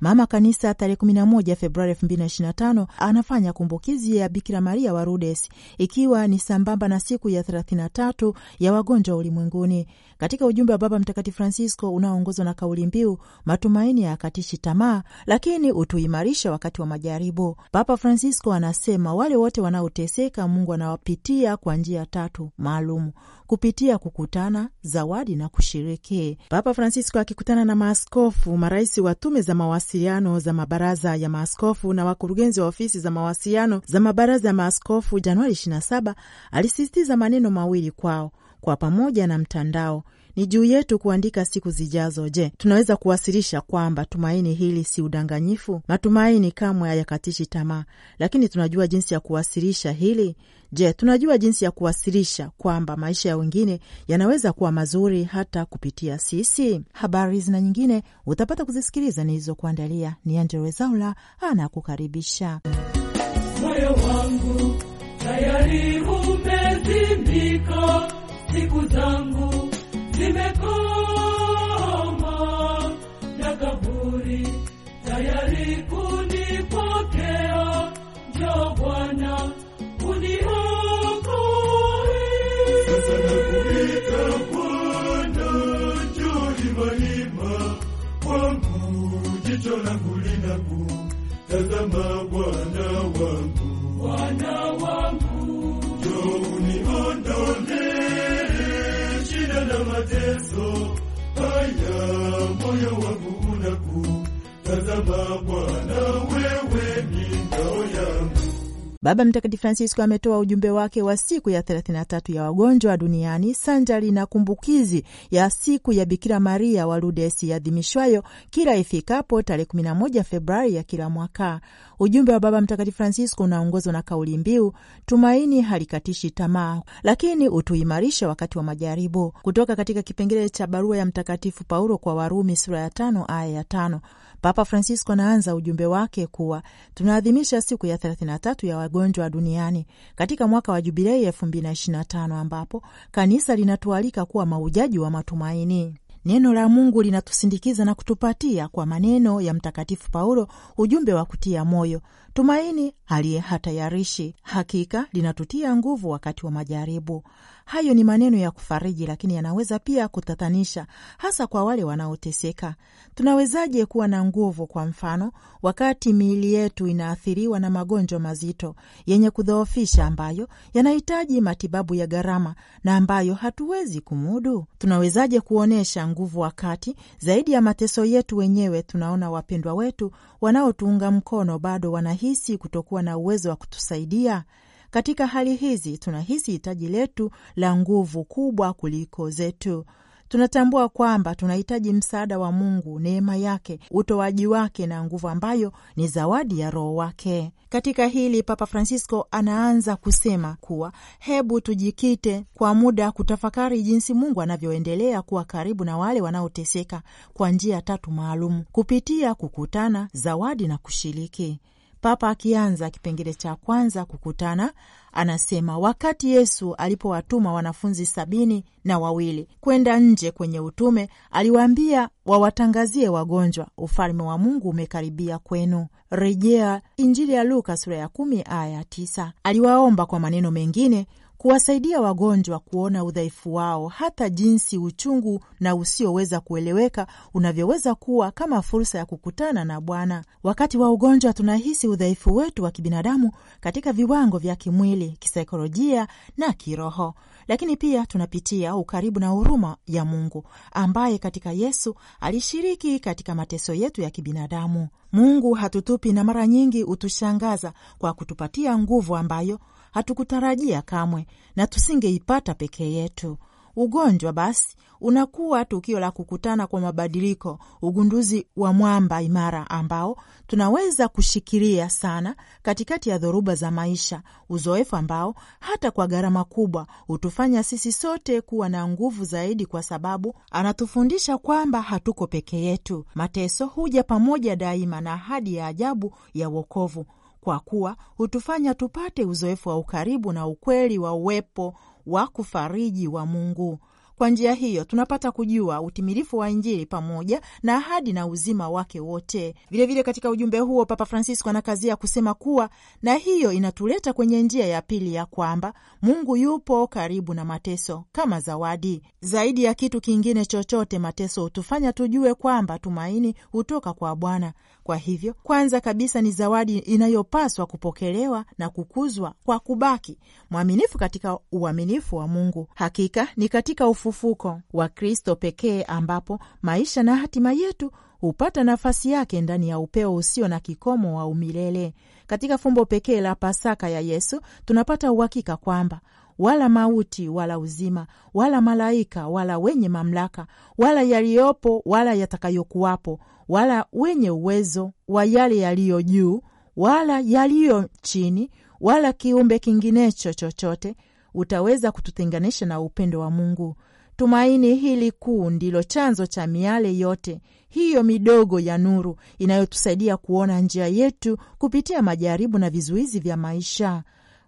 Mama Kanisa tarehe 11 Februari 2025 anafanya kumbukizi ya Bikira Maria wa rudes ikiwa ni sambamba na siku ya 33 ya wagonjwa ulimwenguni. Katika ujumbe wa Baba Mtakatifu Francisco unaoongozwa na kauli mbiu matumaini ya katishi tamaa, lakini utuimarisha wakati wa majaribu, Papa Francisco anasema wale wote wanaoteseka Mungu anawapitia kwa njia tatu maalum kupitia kukutana, zawadi na kushiriki. Papa Francisco akikutana na maaskofu, marais wa tume za mawasiliano za mabaraza ya maaskofu na wakurugenzi wa ofisi za mawasiliano za mabaraza ya maaskofu Januari 27 alisisitiza maneno mawili kwao kwa pamoja na mtandao. Ni juu yetu kuandika siku zijazo. Je, tunaweza kuwasilisha kwamba tumaini hili si udanganyifu? Matumaini kamwe hayakatishi tamaa, lakini tunajua jinsi ya kuwasilisha hili? Je, tunajua jinsi ya kuwasilisha kwamba maisha ya wengine yanaweza kuwa mazuri hata kupitia sisi? Habari zina nyingine utapata kuzisikiliza nilizokuandalia. Ni Angella Rwezaula anakukaribisha. Moyo wangu tayari umezimika siku zangu zimekoma na kaburi tayari kunipokea. Njoo Bwana uniokoe. Jicho langu linaku tazama Bwana wangu Baba Mtakatifu Francisco ametoa ujumbe wake wa siku ya 33 ya wagonjwa duniani sanjari na kumbukizi ya siku ya Bikira Maria wa Lourdes iadhimishwayo kila ifikapo tarehe 11 Februari ya kila mwaka. Ujumbe wa Baba Mtakatifu Francisco unaongozwa na kauli mbiu tumaini halikatishi tamaa, lakini utuimarisha wakati wa majaribu, kutoka katika kipengele cha barua ya Mtakatifu Paulo kwa Warumi sura ya 5 aya ya 5 Papa Francisco anaanza ujumbe wake kuwa tunaadhimisha siku ya 33 ya wagonjwa duniani katika mwaka wa jubilei 2025 ambapo kanisa linatualika kuwa maujaji wa matumaini. Neno la Mungu linatusindikiza na kutupatia kwa maneno ya Mtakatifu Paulo ujumbe wa kutia moyo Tumaini aliye hatayarishi hakika linatutia nguvu wakati wa majaribu. Hayo ni maneno ya kufariji, lakini yanaweza pia kutatanisha, hasa kwa wale wanaoteseka. Tunawezaje kuwa na nguvu, kwa mfano, wakati miili yetu inaathiriwa na magonjwa mazito yenye kudhoofisha, ambayo yanahitaji matibabu ya gharama na ambayo hatuwezi kumudu? Tunawezaje kuonyesha nguvu wakati zaidi ya mateso yetu wenyewe tunaona wapendwa wetu wanaotuunga mkono bado wanahisi kutokuwa na uwezo wa kutusaidia? Katika hali hizi tunahisi hitaji letu la nguvu kubwa kuliko zetu. Tunatambua kwamba tunahitaji msaada wa Mungu, neema yake, utoaji wake na nguvu ambayo ni zawadi ya Roho wake. Katika hili Papa Francisco anaanza kusema kuwa hebu tujikite kwa muda kutafakari jinsi Mungu anavyoendelea kuwa karibu na wale wanaoteseka kwa njia tatu maalum: kupitia kukutana, zawadi na kushiriki. Papa akianza kipengele cha kwanza, kukutana, Anasema wakati Yesu alipowatuma wanafunzi sabini na wawili kwenda nje kwenye utume, aliwaambia wawatangazie wagonjwa, ufalme wa Mungu umekaribia kwenu, rejea Injili ya Luka sura ya kumi aya tisa. Aliwaomba kwa maneno mengine kuwasaidia wagonjwa kuona udhaifu wao, hata jinsi uchungu na usioweza kueleweka unavyoweza kuwa kama fursa ya kukutana na Bwana. Wakati wa ugonjwa, tunahisi udhaifu wetu wa kibinadamu katika viwango vya kimwili, kisaikolojia na kiroho, lakini pia tunapitia ukaribu na huruma ya Mungu ambaye katika Yesu alishiriki katika mateso yetu ya kibinadamu. Mungu hatutupi na mara nyingi hutushangaza kwa kutupatia nguvu ambayo hatukutarajia kamwe na tusingeipata pekee yetu. Ugonjwa basi unakuwa tukio la kukutana kwa mabadiliko, ugunduzi wa mwamba imara ambao tunaweza kushikilia sana katikati ya dhoruba za maisha, uzoefu ambao hata kwa gharama kubwa hutufanya sisi sote kuwa na nguvu zaidi, kwa sababu anatufundisha kwamba hatuko peke yetu. Mateso huja pamoja daima na ahadi ya ajabu ya wokovu kwa kuwa hutufanya tupate uzoefu wa ukaribu na ukweli wa uwepo wa kufariji wa Mungu kwa njia hiyo tunapata kujua utimilifu wa Injili pamoja na ahadi na uzima wake wote. Vilevile, katika ujumbe huo Papa Francisco anakazia kusema kuwa, na hiyo inatuleta kwenye njia ya pili ya kwamba Mungu yupo karibu na mateso kama zawadi. Zaidi ya kitu kingine chochote, mateso hutufanya tujue kwamba tumaini hutoka kwa Bwana. Kwa hivyo, kwanza kabisa ni zawadi inayopaswa kupokelewa na kukuzwa kwa kubaki mwaminifu katika uaminifu wa Mungu. Hakika ni katika ufu ufufuko wa Kristo pekee ambapo maisha na hatima yetu hupata nafasi yake ndani ya upeo usio na kikomo wa umilele. Katika fumbo pekee la Pasaka ya Yesu tunapata uhakika kwamba wala mauti wala uzima wala malaika wala wenye mamlaka wala yaliyopo wala yatakayokuwapo wala wenye uwezo wa yale yaliyo juu wala yaliyo chini wala kiumbe kinginecho chochote utaweza kututenganisha na upendo wa Mungu. Tumaini hili kuu ndilo chanzo cha miale yote hiyo midogo ya nuru inayotusaidia kuona njia yetu kupitia majaribu na vizuizi vya maisha.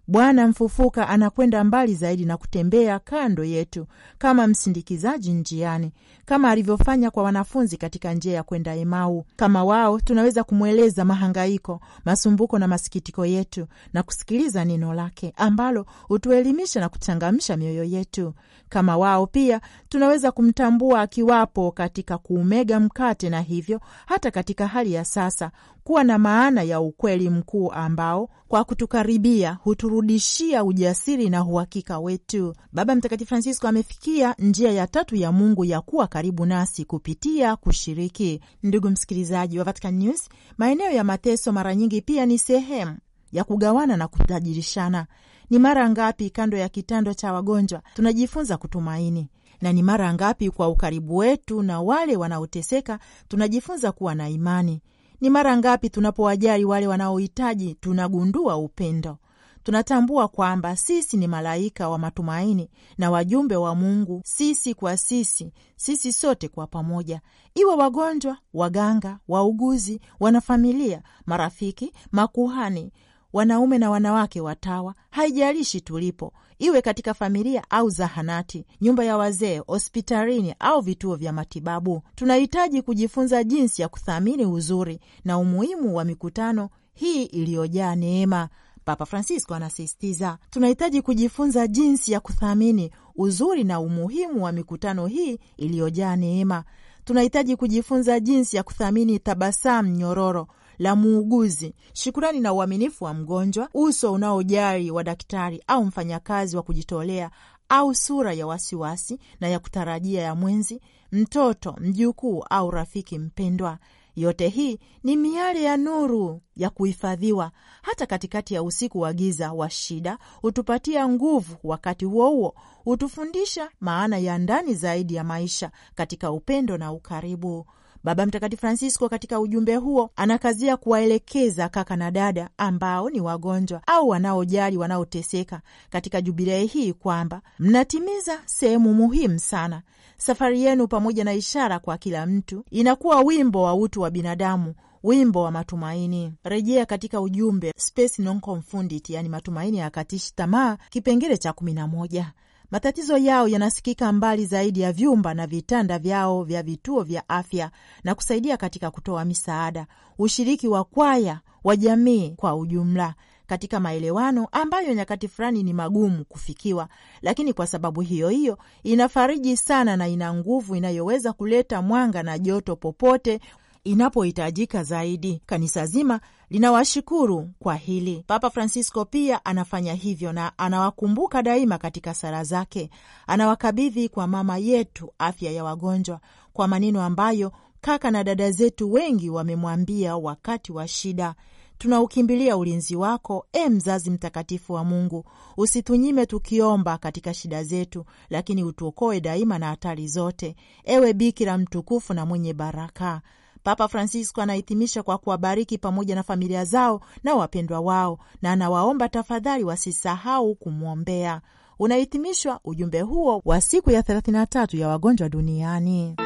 Bwana mfufuka anakwenda mbali zaidi na kutembea kando yetu kama msindikizaji njiani, kama alivyofanya kwa wanafunzi katika njia ya kwenda Emau. Kama wao, tunaweza kumweleza mahangaiko, masumbuko na masikitiko yetu na kusikiliza neno lake ambalo hutuelimisha na kuchangamsha mioyo yetu. Kama wao pia tunaweza kumtambua akiwapo katika kuumega mkate, na hivyo hata katika hali ya sasa kuwa na maana ya ukweli mkuu ambao kwa kutukaribia huturudishia ujasiri na uhakika wetu. Baba Mtakatifu Francisco amefikia njia ya tatu ya Mungu ya kuwa karibu nasi kupitia kushiriki. Ndugu msikilizaji wa Vatican News, maeneo ya mateso mara nyingi pia ni sehemu ya kugawana na kutajirishana. Ni mara ngapi kando ya kitanda cha wagonjwa tunajifunza kutumaini, na ni mara ngapi kwa ukaribu wetu na wale wanaoteseka tunajifunza kuwa na imani. Ni mara ngapi tunapowajali wale wanaohitaji tunagundua upendo. Tunatambua kwamba sisi ni malaika wa matumaini na wajumbe wa Mungu, sisi kwa sisi, sisi sote kwa pamoja, iwe wagonjwa, waganga, wauguzi, wanafamilia, marafiki, makuhani, wanaume na wanawake watawa, haijalishi tulipo, iwe katika familia au zahanati, nyumba ya wazee, hospitalini au vituo vya matibabu. Tunahitaji kujifunza jinsi ya kuthamini uzuri na umuhimu wa mikutano hii iliyojaa neema. Papa Francisco anasisitiza, tunahitaji kujifunza jinsi ya kuthamini uzuri na umuhimu wa mikutano hii iliyojaa neema. Tunahitaji kujifunza jinsi ya kuthamini tabasamu nyororo la muuguzi, shukurani na uaminifu wa mgonjwa, uso unaojali wa daktari au mfanyakazi wa kujitolea au sura ya wasiwasi wasi na ya kutarajia ya mwenzi, mtoto, mjukuu au rafiki mpendwa. Yote hii ni miale ya nuru ya kuhifadhiwa, hata katikati ya usiku wa giza wa shida. Hutupatia nguvu, wakati huo huo hutufundisha maana ya ndani zaidi ya maisha katika upendo na ukaribu. Baba Mtakatifu Francisco katika ujumbe huo anakazia kuwaelekeza kaka na dada ambao ni wagonjwa au wanaojali wanaoteseka katika jubilei hii kwamba mnatimiza sehemu muhimu sana. Safari yenu pamoja na ishara kwa kila mtu inakuwa wimbo wa utu wa binadamu wimbo wa matumaini. Rejea katika ujumbe Spes Non Confundit, yani matumaini ya katishi tamaa, kipengele cha kumi na moja. Matatizo yao yanasikika mbali zaidi ya vyumba na vitanda vyao vya vituo vya afya na kusaidia katika kutoa misaada, ushiriki wa kwaya wa jamii kwa ujumla katika maelewano ambayo nyakati fulani ni magumu kufikiwa, lakini kwa sababu hiyo hiyo inafariji sana na ina nguvu inayoweza kuleta mwanga na joto popote inapohitajika zaidi. Kanisa zima linawashukuru kwa hili. Papa Francisco pia anafanya hivyo na anawakumbuka daima katika sala zake. Anawakabidhi kwa mama yetu afya ya wagonjwa, kwa maneno ambayo kaka na dada zetu wengi wamemwambia wakati wa shida. Tunaukimbilia ulinzi wako, e mzazi mtakatifu wa Mungu. Usitunyime tukiomba katika shida zetu, lakini utuokoe daima na hatari zote, ewe Bikira mtukufu na mwenye baraka. Papa Francisco anahitimisha kwa kuwabariki pamoja na familia zao na wapendwa wao, na anawaomba tafadhali wasisahau kumwombea. Unahitimishwa ujumbe huo wa siku ya 33 ya wagonjwa duniani.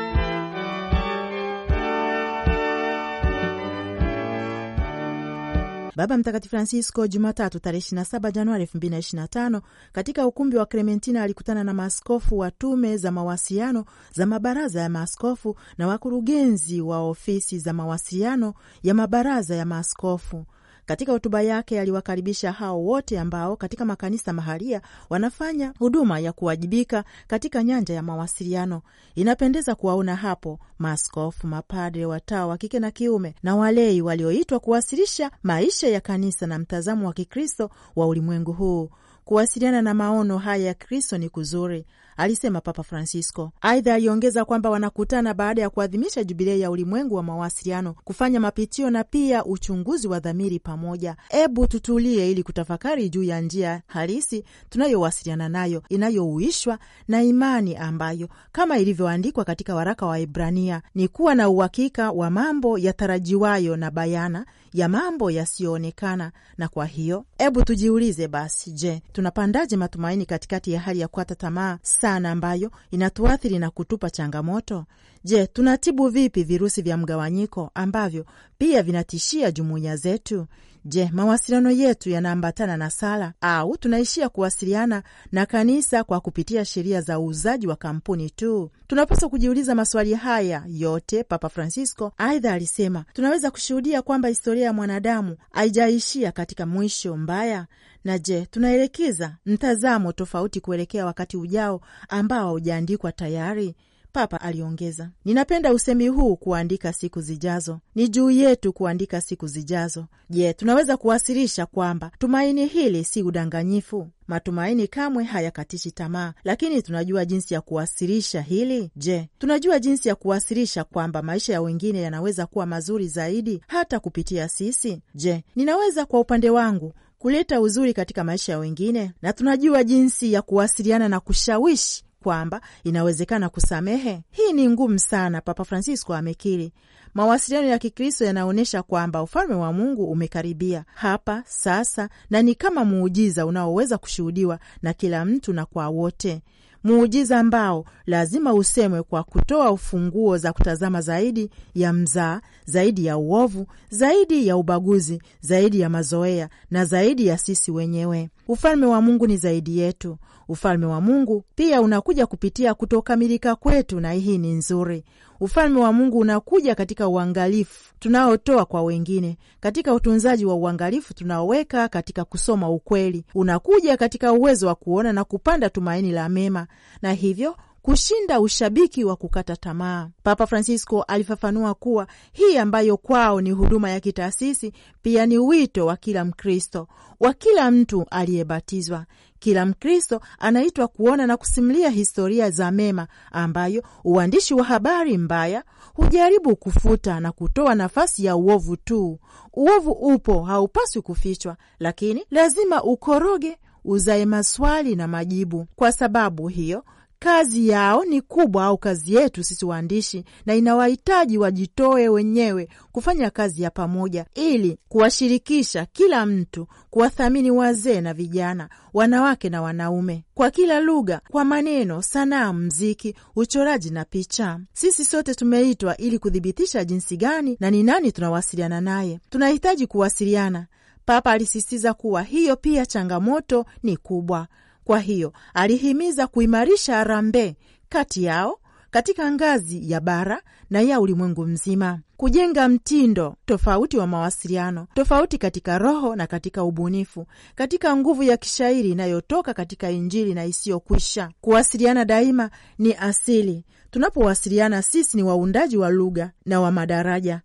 Baba Mtakatifu Francisco Jumatatu tarehe 27 Januari 2025 katika ukumbi wa Klementina alikutana na maaskofu wa tume za mawasiliano za mabaraza ya maaskofu na wakurugenzi wa ofisi za mawasiliano ya mabaraza ya maaskofu katika hotuba yake aliwakaribisha hao wote ambao katika makanisa mahalia wanafanya huduma ya kuwajibika katika nyanja ya mawasiliano. Inapendeza kuwaona hapo maaskofu, mapadre, watawa wa kike na kiume na walei walioitwa kuwasilisha maisha ya kanisa na mtazamo wa Kikristo wa ulimwengu huu. Kuwasiliana na maono haya ya Kristo ni kuzuri alisema Papa Francisco. Aidha, aliongeza kwamba wanakutana baada ya kuadhimisha jubilei ya ulimwengu wa mawasiliano kufanya mapitio na pia uchunguzi wa dhamiri pamoja. Ebu tutulie ili kutafakari juu ya njia halisi tunayowasiliana nayo inayouishwa na imani ambayo kama ilivyoandikwa katika waraka wa Ibrania ni kuwa na uhakika wa mambo yatarajiwayo na bayana ya mambo yasiyoonekana. Na kwa hiyo hebu tujiulize basi, je, tunapandaje matumaini katikati ya hali ya kukata tamaa sana ambayo inatuathiri na kutupa changamoto? Je, tunatibu vipi virusi vya mgawanyiko ambavyo pia vinatishia jumuiya zetu? Je, mawasiliano yetu yanaambatana na sala au tunaishia kuwasiliana na kanisa kwa kupitia sheria za uuzaji wa kampuni tu? Tunapaswa kujiuliza maswali haya yote. Papa Francisco aidha alisema tunaweza kushuhudia kwamba historia ya mwanadamu haijaishia katika mwisho mbaya, na je, tunaelekeza mtazamo tofauti kuelekea wakati ujao ambao haujaandikwa tayari? Papa aliongeza. Ninapenda usemi huu, kuandika siku zijazo. Ni juu yetu kuandika siku zijazo. Je, tunaweza kuwasilisha kwamba tumaini hili si udanganyifu? Matumaini kamwe hayakatishi tamaa, lakini tunajua jinsi ya kuwasilisha hili. Je, tunajua jinsi ya kuwasilisha kwamba maisha ya wengine yanaweza kuwa mazuri zaidi hata kupitia sisi? Je, ninaweza kwa upande wangu kuleta uzuri katika maisha ya wengine? Na tunajua jinsi ya kuwasiliana na kushawishi kwamba inawezekana kusamehe. Hii ni ngumu sana, Papa Francisco amekiri. Mawasiliano ya Kikristo yanaonyesha kwamba ufalme wa Mungu umekaribia hapa sasa, na ni kama muujiza unaoweza kushuhudiwa na kila mtu na kwa wote muujiza ambao lazima usemwe kwa kutoa ufunguo za kutazama zaidi ya mzaa, zaidi ya uovu, zaidi ya ubaguzi, zaidi ya mazoea na zaidi ya sisi wenyewe. Ufalme wa Mungu ni zaidi yetu. Ufalme wa Mungu pia unakuja kupitia kutokamilika kwetu, na hii ni nzuri. Ufalme wa Mungu unakuja katika uangalifu tunaotoa kwa wengine, katika utunzaji wa uangalifu tunaoweka katika kusoma ukweli, unakuja katika uwezo wa kuona na kupanda tumaini la mema, na hivyo kushinda ushabiki wa kukata tamaa. Papa Francisco alifafanua kuwa hii ambayo kwao ni huduma ya kitaasisi pia ni wito wa kila Mkristo, wa kila mtu aliyebatizwa. Kila Mkristo anaitwa kuona na kusimulia historia za mema ambayo uandishi wa habari mbaya hujaribu kufuta na kutoa nafasi ya uovu tu. Uovu upo, haupaswi kufichwa, lakini lazima ukoroge uzae maswali na majibu. Kwa sababu hiyo Kazi yao ni kubwa, au kazi yetu sisi waandishi, na inawahitaji wajitoe wenyewe kufanya kazi ya pamoja, ili kuwashirikisha kila mtu, kuwathamini wazee na vijana, wanawake na wanaume, kwa kila lugha, kwa maneno, sanaa, mziki, uchoraji na picha. Sisi sote tumeitwa ili kuthibitisha jinsi gani na ni nani tunawasiliana naye. Tunahitaji kuwasiliana Papa alisisitiza kuwa hiyo pia changamoto ni kubwa, kwa hiyo alihimiza kuimarisha harambee kati yao katika ngazi ya bara na ya ulimwengu mzima, kujenga mtindo tofauti wa mawasiliano, tofauti katika roho na katika ubunifu, katika nguvu ya kishairi inayotoka katika Injili na isiyokwisha. Kuwasiliana daima ni asili. Tunapowasiliana sisi ni waundaji wa lugha na wa madaraja.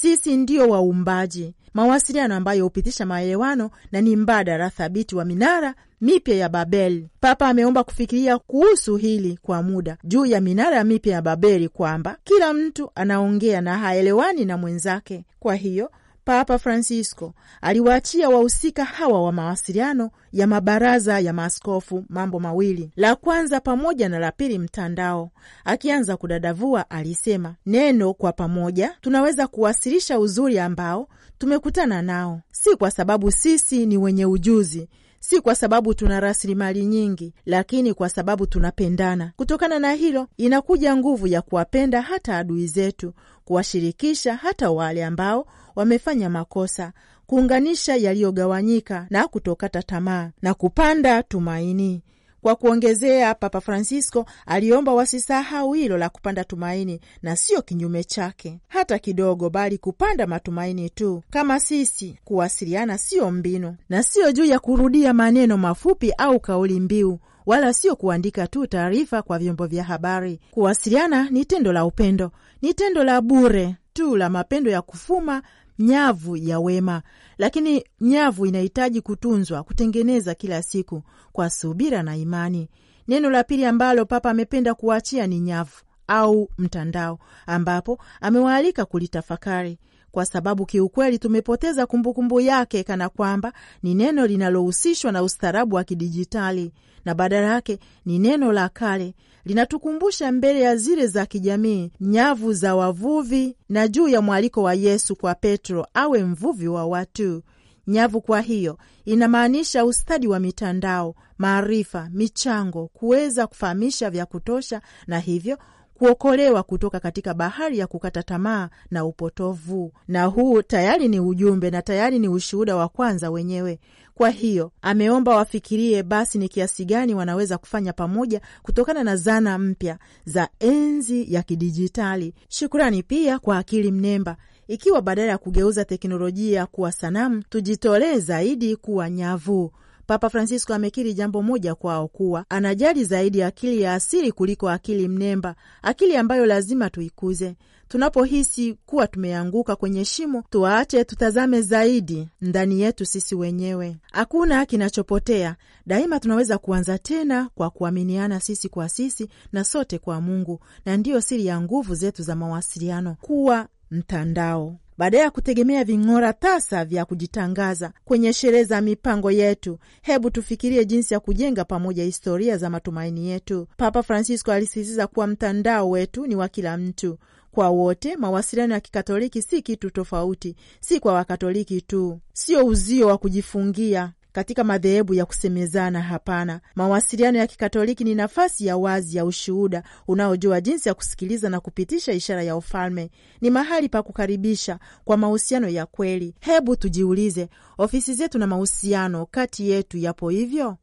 Sisi ndio waumbaji mawasiliano ambayo hupitisha maelewano na ni mbadala thabiti wa minara mipya ya Babeli. Papa ameomba kufikiria kuhusu hili kwa muda juu ya minara mipya ya Babeli, kwamba kila mtu anaongea na haelewani na mwenzake. Kwa hiyo Papa Francisco aliwaachia wahusika hawa wa mawasiliano ya mabaraza ya maaskofu mambo mawili, la kwanza pamoja na la pili, mtandao. Akianza kudadavua, alisema neno kwa pamoja tunaweza kuwasilisha uzuri ambao tumekutana nao, si kwa sababu sisi ni wenye ujuzi si kwa sababu tuna rasilimali nyingi, lakini kwa sababu tunapendana. Kutokana na hilo, inakuja nguvu ya kuwapenda hata adui zetu, kuwashirikisha hata wale ambao wamefanya makosa, kuunganisha yaliyogawanyika na kutokata tamaa na kupanda tumaini. Kwa kuongezea, Papa Francisco aliomba wasisahau hilo la kupanda tumaini na sio kinyume chake hata kidogo, bali kupanda matumaini tu kama sisi. Kuwasiliana sio mbinu na sio juu ya kurudia maneno mafupi au kauli mbiu wala sio kuandika tu taarifa kwa vyombo vya habari. Kuwasiliana ni tendo la upendo, ni tendo la bure tu la mapendo ya kufuma nyavu ya wema, lakini nyavu inahitaji kutunzwa, kutengeneza kila siku kwa subira na imani. Neno la pili ambalo Papa amependa kuachia ni nyavu au mtandao, ambapo amewaalika kulitafakari kwa sababu kiukweli tumepoteza kumbukumbu yake, kana kwamba ni neno linalohusishwa na ustaarabu wa kidijitali na badala yake ni neno la kale linatukumbusha mbele ya zile za kijamii nyavu za wavuvi na juu ya mwaliko wa Yesu kwa Petro awe mvuvi wa watu. Nyavu kwa hiyo inamaanisha ustadi wa mitandao, maarifa, michango, kuweza kufahamisha vya kutosha, na hivyo kuokolewa kutoka katika bahari ya kukata tamaa na upotovu. Na huu tayari ni ujumbe na tayari ni ushuhuda wa kwanza wenyewe kwa hiyo ameomba wafikirie basi ni kiasi gani wanaweza kufanya pamoja kutokana na zana mpya za enzi ya kidijitali. Shukrani pia kwa akili mnemba ikiwa badala ya kugeuza teknolojia kuwa sanamu, tujitolee zaidi kuwa nyavu. Papa Francisco amekiri jambo moja kwao, kuwa anajali zaidi akili ya asili kuliko akili mnemba, akili ambayo lazima tuikuze. Tunapohisi kuwa tumeanguka kwenye shimo, tuache tutazame zaidi ndani yetu sisi wenyewe. Hakuna kinachopotea, daima tunaweza kuanza tena kwa kuaminiana sisi kwa sisi na sote kwa Mungu, na ndiyo siri ya nguvu zetu za mawasiliano kuwa mtandao badala ya kutegemea ving'ora tasa vya kujitangaza kwenye sherehe za mipango yetu, hebu tufikirie jinsi ya kujenga pamoja historia za matumaini yetu. Papa Francisco alisisitiza kuwa mtandao wetu ni wa kila mtu, kwa wote. Mawasiliano ya Kikatoliki si kitu tofauti, si kwa Wakatoliki tu, sio uzio wa kujifungia katika madhehebu ya kusemezana. Hapana, mawasiliano ya Kikatoliki ni nafasi ya wazi ya ushuhuda unaojua jinsi ya kusikiliza na kupitisha ishara ya ufalme. Ni mahali pa kukaribisha kwa mahusiano ya kweli. Hebu tujiulize, ofisi zetu na mahusiano kati yetu yapo hivyo?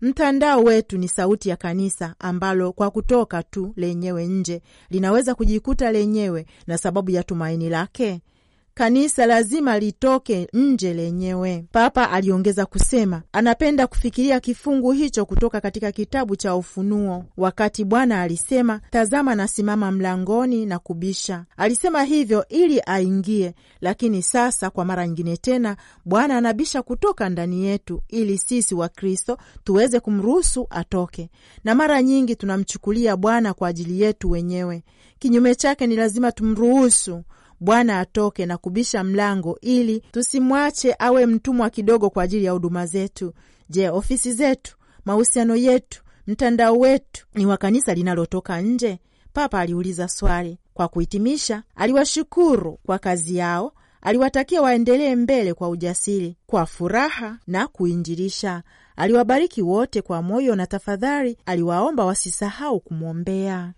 Mtandao wetu ni sauti ya kanisa ambalo kwa kutoka tu lenyewe nje linaweza kujikuta lenyewe na sababu ya tumaini lake kanisa lazima litoke nje lenyewe. Papa aliongeza kusema anapenda kufikiria kifungu hicho kutoka katika kitabu cha Ufunuo, wakati Bwana alisema, tazama nasimama mlangoni na kubisha. Alisema hivyo ili aingie, lakini sasa kwa mara nyingine tena Bwana anabisha kutoka ndani yetu ili sisi wa Kristo tuweze kumruhusu atoke, na mara nyingi tunamchukulia Bwana kwa ajili yetu wenyewe. Kinyume chake, ni lazima tumruhusu Bwana atoke na kubisha mlango, ili tusimwache awe mtumwa kidogo kwa ajili ya huduma zetu. Je, ofisi zetu, mahusiano yetu, mtandao wetu ni wa kanisa linalotoka nje? Papa aliuliza swali. Kwa kuhitimisha, aliwashukuru kwa kazi yao, aliwatakia waendelee mbele kwa ujasiri, kwa furaha na kuinjilisha. Aliwabariki wote kwa moyo na tafadhali aliwaomba wasisahau kumwombea.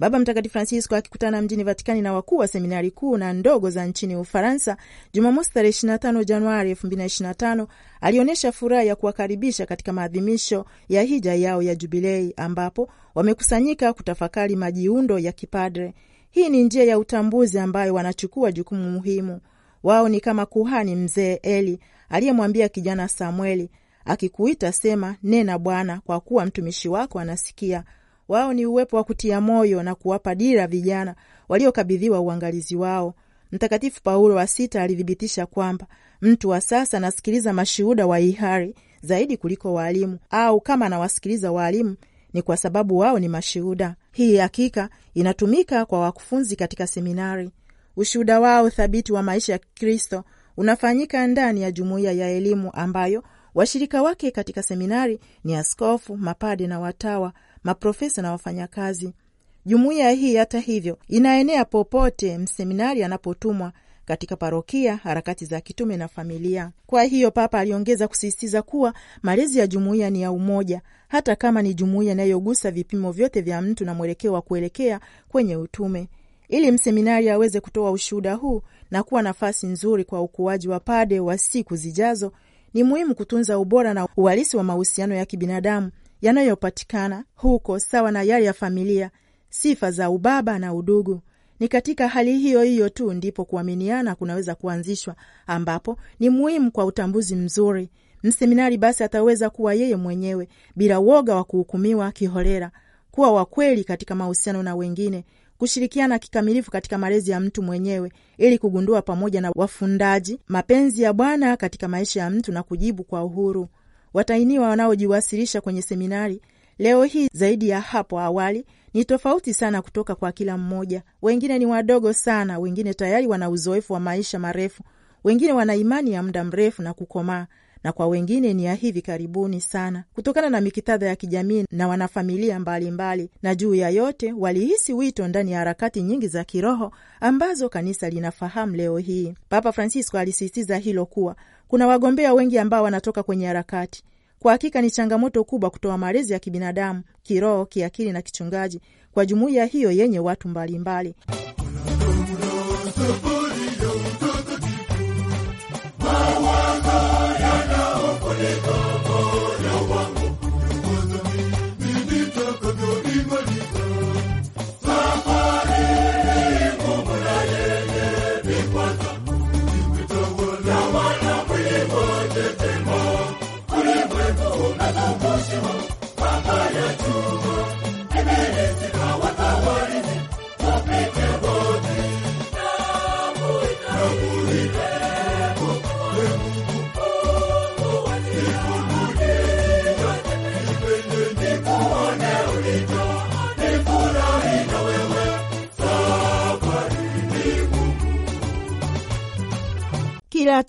Baba Mtakatifu Francisco akikutana mjini Vatikani na wakuu wa seminari kuu na ndogo za nchini Ufaransa Jumamosi tarehe 25 Januari 2025 alionyesha furaha ya kuwakaribisha katika maadhimisho ya hija yao ya Jubilei ambapo wamekusanyika kutafakari majiundo ya kipadre. Hii ni njia ya utambuzi ambayo wanachukua jukumu muhimu. Wao ni kama kuhani mzee Eli aliyemwambia kijana Samueli, akikuita sema, nena Bwana, kwa kuwa mtumishi wako anasikia wao ni uwepo wa kutia moyo na kuwapa dira vijana waliokabidhiwa uangalizi wao. Mtakatifu Paulo wa Sita alithibitisha kwamba mtu wa sasa anasikiliza mashuhuda wa ihari zaidi kuliko waalimu, au kama anawasikiliza waalimu ni kwa sababu wao ni mashuhuda. Hii hakika inatumika kwa wakufunzi katika seminari. Ushuhuda wao thabiti wa maisha ya Kristo unafanyika ndani ya jumuiya ya elimu ambayo washirika wake katika seminari ni askofu, mapade na watawa maprofesa na wafanyakazi. Jumuiya hii hata hivyo inaenea popote mseminari anapotumwa katika parokia, harakati za kitume na familia. Kwa hiyo, Papa aliongeza kusisitiza kuwa malezi ya jumuiya ni ya umoja, hata kama ni jumuiya inayogusa vipimo vyote vya mtu na mwelekeo wa kuelekea kwenye utume. Ili mseminari aweze kutoa ushuhuda huu na kuwa nafasi nzuri kwa ukuaji wa pade wa siku zijazo, ni muhimu kutunza ubora na uhalisi wa mahusiano ya kibinadamu yanayopatikana huko sawa na yale ya familia, sifa za ubaba na udugu. Ni katika hali hiyo hiyo tu ndipo kuaminiana kunaweza kuanzishwa, ambapo ni muhimu kwa utambuzi mzuri. Mseminari basi ataweza kuwa yeye mwenyewe bila woga wa kuhukumiwa kiholela, kuwa wakweli katika mahusiano na wengine, kushirikiana kikamilifu katika malezi ya mtu mwenyewe ili kugundua pamoja na wafundaji mapenzi ya Bwana katika maisha ya mtu na kujibu kwa uhuru. Watainiwa wanaojiwasilisha kwenye seminari leo hii zaidi ya hapo awali ni tofauti sana kutoka kwa kila mmoja. Wengine ni wadogo sana, wengine tayari wana uzoefu wa maisha marefu, wengine wana imani ya muda mrefu na kukomaa, na kwa wengine ni ya hivi karibuni sana, kutokana na mikitadha ya kijamii na wanafamilia mbalimbali mbali. Na juu ya yote walihisi wito ndani ya harakati nyingi za kiroho ambazo kanisa linafahamu leo hii. Papa Francisco alisisitiza hilo kuwa kuna wagombea wengi ambao wanatoka kwenye harakati. Kwa hakika ni changamoto kubwa kutoa malezi ya kibinadamu, kiroho, kiakili na kichungaji kwa jumuiya hiyo yenye watu mbalimbali mbali.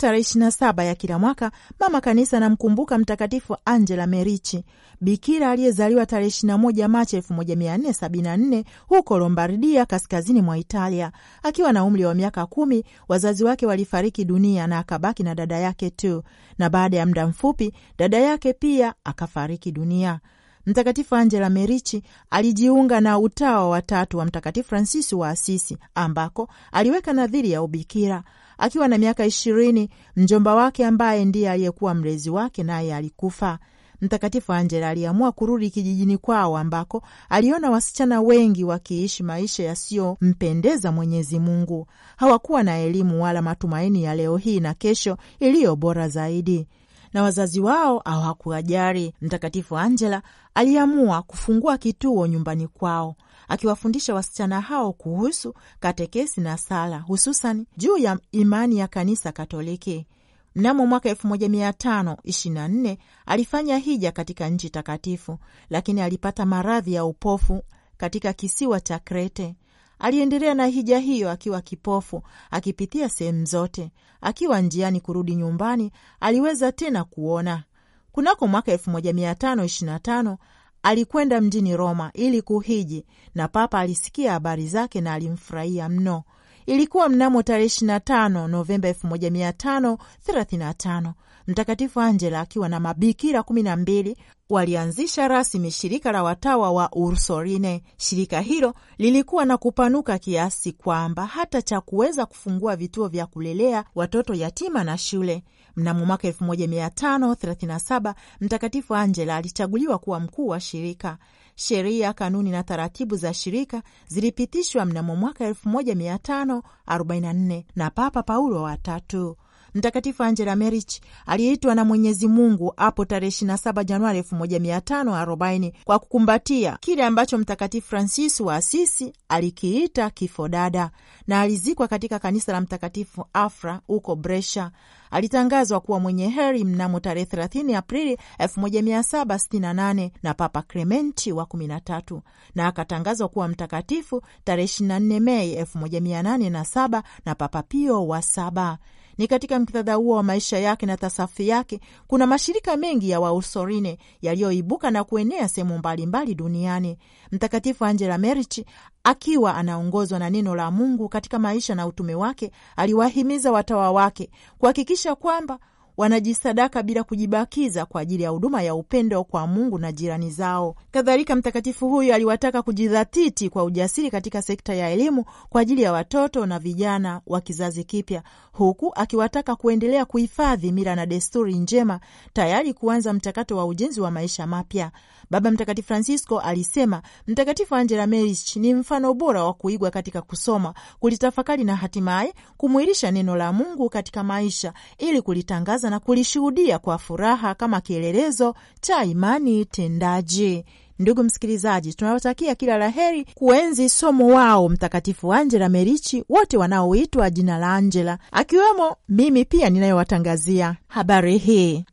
tarehe 27 ya kila mwaka mama kanisa anamkumbuka Mtakatifu Angela Merichi, bikira aliyezaliwa tarehe 21 Machi 1474 huko Lombardia, kaskazini mwa Italia. Akiwa na umri wa miaka kumi, wazazi wake walifariki dunia na akabaki na dada yake tu, na baada ya muda mfupi dada yake pia akafariki dunia. Mtakatifu Angela Merichi alijiunga na utawa wa tatu wa Mtakatifu Fransisi wa Asisi, ambako aliweka nadhiri ya ubikira. Akiwa na miaka ishirini, mjomba wake ambaye ndiye aliyekuwa mlezi wake naye alikufa. Mtakatifu Angela aliamua kurudi kijijini kwao ambako aliona wasichana wengi wakiishi maisha yasiyompendeza Mwenyezi Mungu. Hawakuwa na elimu wala matumaini ya leo hii na kesho iliyo bora zaidi na wazazi wao hawakuajari. Mtakatifu Angela aliamua kufungua kituo nyumbani kwao akiwafundisha wasichana hao kuhusu katekesi na sala, hususan juu ya imani ya kanisa Katoliki. Mnamo mwaka 1524 alifanya hija katika nchi takatifu, lakini alipata maradhi ya upofu katika kisiwa cha Krete. Aliendelea na hija hiyo akiwa kipofu, akipitia sehemu zote. Akiwa njiani kurudi nyumbani, aliweza tena kuona. Kunako mwaka 1525 alikwenda mjini Roma ili kuhiji, na Papa alisikia habari zake na alimfurahia mno. Ilikuwa mnamo tarehe 25 Novemba 1535 Mtakatifu Angela akiwa na mabikira kumi na mbili walianzisha rasmi shirika la watawa wa Ursorine. Shirika hilo lilikuwa na kupanuka kiasi kwamba hata cha kuweza kufungua vituo vya kulelea watoto yatima na shule. Mnamo mwaka 1537 Mtakatifu Angela alichaguliwa kuwa mkuu wa shirika. Sheria, kanuni na taratibu za shirika zilipitishwa mnamo mwaka 1544 na Papa Paulo wa tatu. Mtakatifu Angela Merich aliitwa na Mwenyezi Mungu hapo tarehe 27 Januari 1540 kwa kukumbatia kile ambacho Mtakatifu Francis wa Asisi alikiita kifo dada, na alizikwa katika kanisa la Mtakatifu Afra huko bresha Alitangazwa kuwa mwenye heri mnamo tarehe 30 Aprili 1768 na Papa Klementi wa 13 na akatangazwa kuwa mtakatifu tarehe 24 Mei 1807 na Papa Pio wa saba. Ni katika muktadha huo wa maisha yake na tasafi yake, kuna mashirika mengi ya Wausorine yaliyoibuka na kuenea sehemu mbalimbali duniani. Mtakatifu Angela Merici akiwa anaongozwa na neno la Mungu katika maisha na utume wake, aliwahimiza watawa wake kuhakikisha kwamba wanajisadaka bila kujibakiza kwa ajili ya huduma ya upendo kwa Mungu na jirani zao. Kadhalika, mtakatifu huyu aliwataka kujidhatiti kwa ujasiri katika sekta ya elimu kwa ajili ya watoto na vijana wa kizazi kipya, huku akiwataka kuendelea kuhifadhi mila na desturi njema, tayari kuanza mchakato wa ujenzi wa maisha mapya. Baba Mtakatifu Francisco alisema Mtakatifu Angela Merich ni mfano bora wa kuigwa katika kusoma, kulitafakari na hatimaye kumwilisha neno la Mungu katika maisha ili kulitangaza kulitangaza na kulishuhudia kwa furaha kama kielelezo cha imani tendaji. Ndugu msikilizaji, tunawatakia kila laheri kuenzi somo wao Mtakatifu Angela Merichi wote wanaoitwa jina la Angela, akiwemo mimi pia ninayowatangazia habari hii.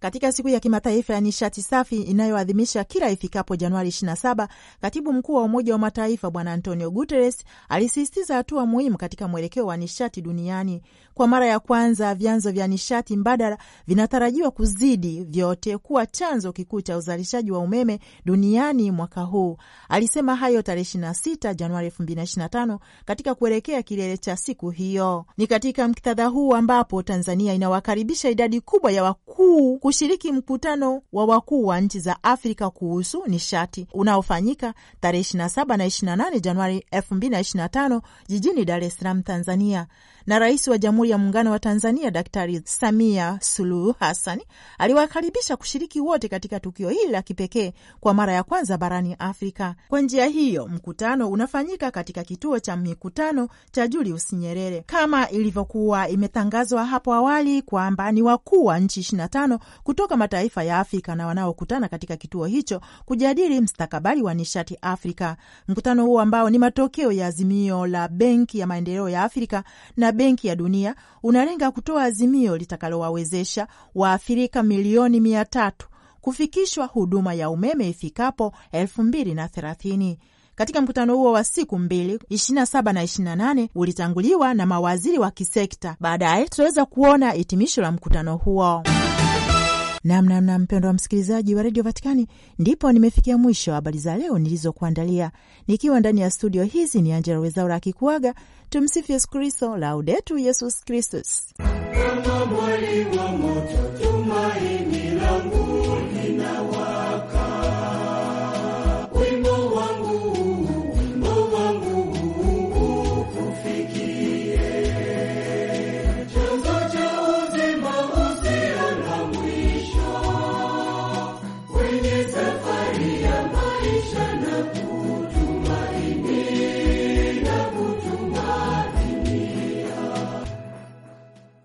Katika siku ya kimataifa ya nishati safi inayoadhimisha kila ifikapo Januari 27, katibu mkuu wa Umoja wa Mataifa Bwana Antonio Guterres alisisitiza hatua muhimu katika mwelekeo wa nishati duniani. Kwa mara ya kwanza, vyanzo vya nishati mbadala vinatarajiwa kuzidi vyote kuwa chanzo kikuu cha uzalishaji wa umeme duniani mwaka huu. Alisema hayo tarehe 26 Januari 2025 katika kuelekea kilele cha siku hiyo. Ni katika mktadha huu ambapo Tanzania inawakaribisha idadi kubwa ya wakuu kushiriki mkutano wa wakuu wa nchi za Afrika kuhusu nishati unaofanyika tarehe 27 na 28 Januari 2025 jijini Dar es Salaam, Tanzania, na Rais wa Jamhuri ya Muungano wa Tanzania Daktari Samia Suluhu Hassan aliwakaribisha kushiriki wote katika tukio hili la kipekee kwa mara ya kwanza barani Afrika. Kwa njia hiyo, mkutano unafanyika katika kituo cha mikutano cha Julius Nyerere kama ilivyokuwa imetangazwa hapo awali kwamba ni wakuu wa nchi 25 kutoka mataifa ya Afrika na wanaokutana katika kituo hicho kujadili mstakabali wa nishati Afrika. Mkutano huo ambao ni matokeo ya azimio la Benki ya Maendeleo ya Afrika na Benki ya Dunia unalenga kutoa azimio litakalowawezesha Waafrika milioni mia tatu kufikishwa huduma ya umeme ifikapo elfu mbili na thelathini. Katika mkutano huo wa siku mbili, 27 na 28, ulitanguliwa na mawaziri wa kisekta. Baadaye tutaweza kuona hitimisho la mkutano huo. Namnamna mpendo wa msikilizaji wa redio Vatikani, ndipo nimefikia mwisho wa habari za leo nilizokuandalia, nikiwa ndani ya studio hizi. Ni Angela Wezaura akikuaga. Tumsifu Yesu Kristo, laudetu Yesus Kristus. Kama mwali wa moto, tumaini langu